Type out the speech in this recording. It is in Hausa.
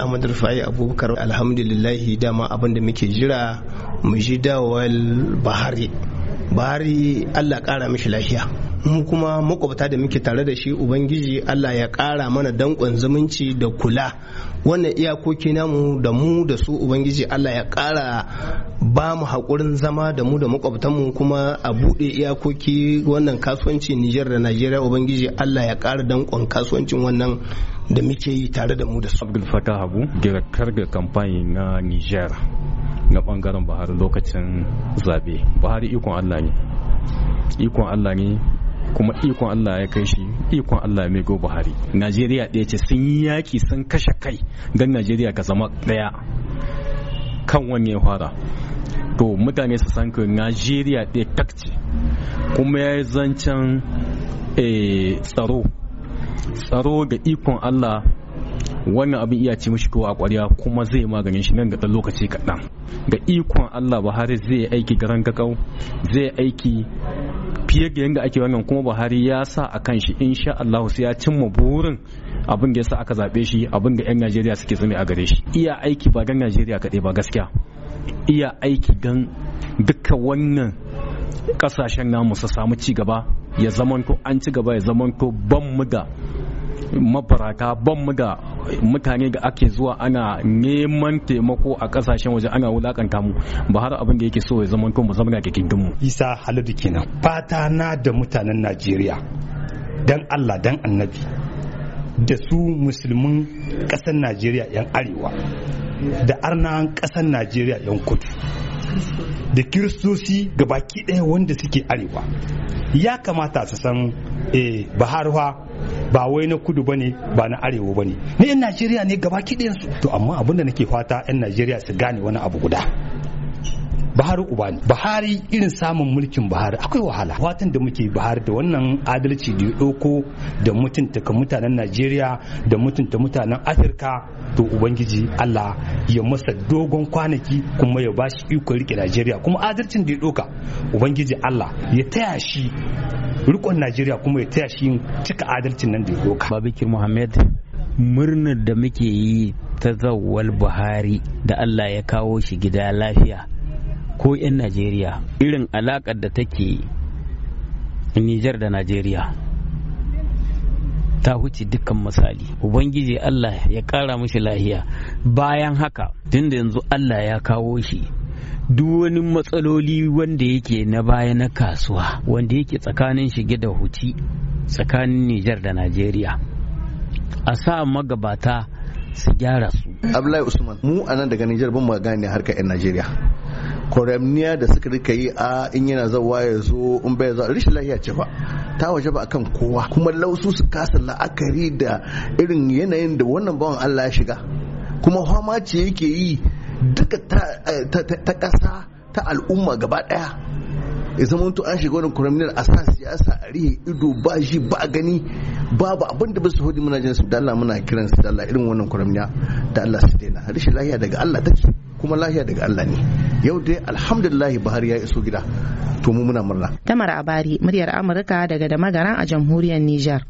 ahmad rufai abubakar alhamdulillah dama abin da muke jira mu ji dawal bahari bahari allah kara mishi lafiya mu kuma makwabta da muke tare da shi ubangiji allah ya kara mana dankon zumunci da kula wannan iyakoki namu da mu da su ubangiji allah ya kara ba mu haƙurin zama da mu da mu kuma a buɗe iyakoki wannan kasuwanci nijar da najeriya ubangiji allah ya kara dankon kasuwancin wannan da muke yi tare da mu da su. Abdul Fattah Habu, girakar ga kamfani na Niger na bangaren Buhari lokacin zabe. Buhari ikon Allah ne. Ikon Allah ne kuma ikon Allah ya kai shi ikon Allah mai go Buhari. Najeriya ɗaya ce sun yi yaƙi sun kashe kai don Najeriya ka zama ɗaya kan wani ya fara. To mutane su san ka Najeriya ɗaya tak kuma ya yi zancen eh, tsaro tsaro da ikon Allah wannan abin iya ci mishi kowa kwarya kuma zai maganin shi nan da ɗan lokaci kaɗan ga ikon Allah Buhari zai aiki garan gagau zai aiki fiye da yadda ake wannan kuma Buhari ya sa a kan shi insha Allah sai ya cimma burin abin da ya sa aka zaɓe shi abin da 'yan Najeriya suke zame a gare shi iya aiki ba gan Najeriya kaɗai ba gaskiya iya aiki gan duka wannan ƙasashen namu su samu ci gaba ya zamanto an ci gaba ya zamanto ban mu da mabaraka ban mu ga mutane ga ake zuwa ana neman taimako a kasashen waje ana wulakanta mu ba har abin da yake so ya zama kuma musamman ga kingin mu isa haladu kenan fata na da mutanen najeriya dan allah dan annabi da su musulmin ƙasar najeriya 'yan arewa da arna ƙasar najeriya 'yan kudu da kiristoci baki ɗaya wanda suke arewa ya kamata su san eh, baharwa ba wai na kudu bane ba na arewa bane na yan najeriya ne gaba ki su to amma abin da nake fata yan najeriya su gane wani abu guda Buhari Ubani bahari irin samun mulkin bahari akwai wahala watan da muke Buhari da wannan adalci da ya ɗauko da mutunta ka mutanen Najeriya da mutunta mutanen Afirka to Ubangiji Allah ya masa dogon kwanaki kuma ya bashi iko rike Najeriya kuma adalcin da ya ɗauka Ubangiji Allah ya taya shi rikon najeriya kuma ya taya shi cika adalcin nan da ya doka babakir muhammad murnar da muke yi ta zawwal buhari da allah ya kawo shi gida lafiya ko 'yan najeriya irin alakar da take nijar da najeriya ta huce dukkan misali ubangiji allah ya ƙara mushi lahiya bayan haka tunda yanzu allah ya kawo shi duk wani matsaloli wanda yake na baya na kasuwa wanda yake tsakanin shige da huci tsakanin Nijar da Najeriya a sa magabata su gyara su. Abdullahi Usman mu a nan daga Nijar ban magana harkar 'yan Najeriya. Koremniya da suka rika yi a in yana zawa ya zo in bai zo rishin lahiya ce ba ta waje ba akan kowa kuma lausu su kasa la'akari da irin yanayin da wannan bawan Allah ya shiga kuma fama ce yake yi duka eh, ta ƙasa ta al'umma gaba ɗaya ya zama to an shiga wani kuraminar a sa siyasa a rihe ido ba shi ba gani babu abin da ba su hudu muna jin su Allah muna kiran su da Allah irin wannan kuramiya da Allah su daina rashin lahiya daga Allah take kuma lahiya daga Allah ne yau dai alhamdulillah Buhari ya iso gida to mu muna murna Tamar Abari muryar Amurka daga da magaran a jamhuriyar Nijar.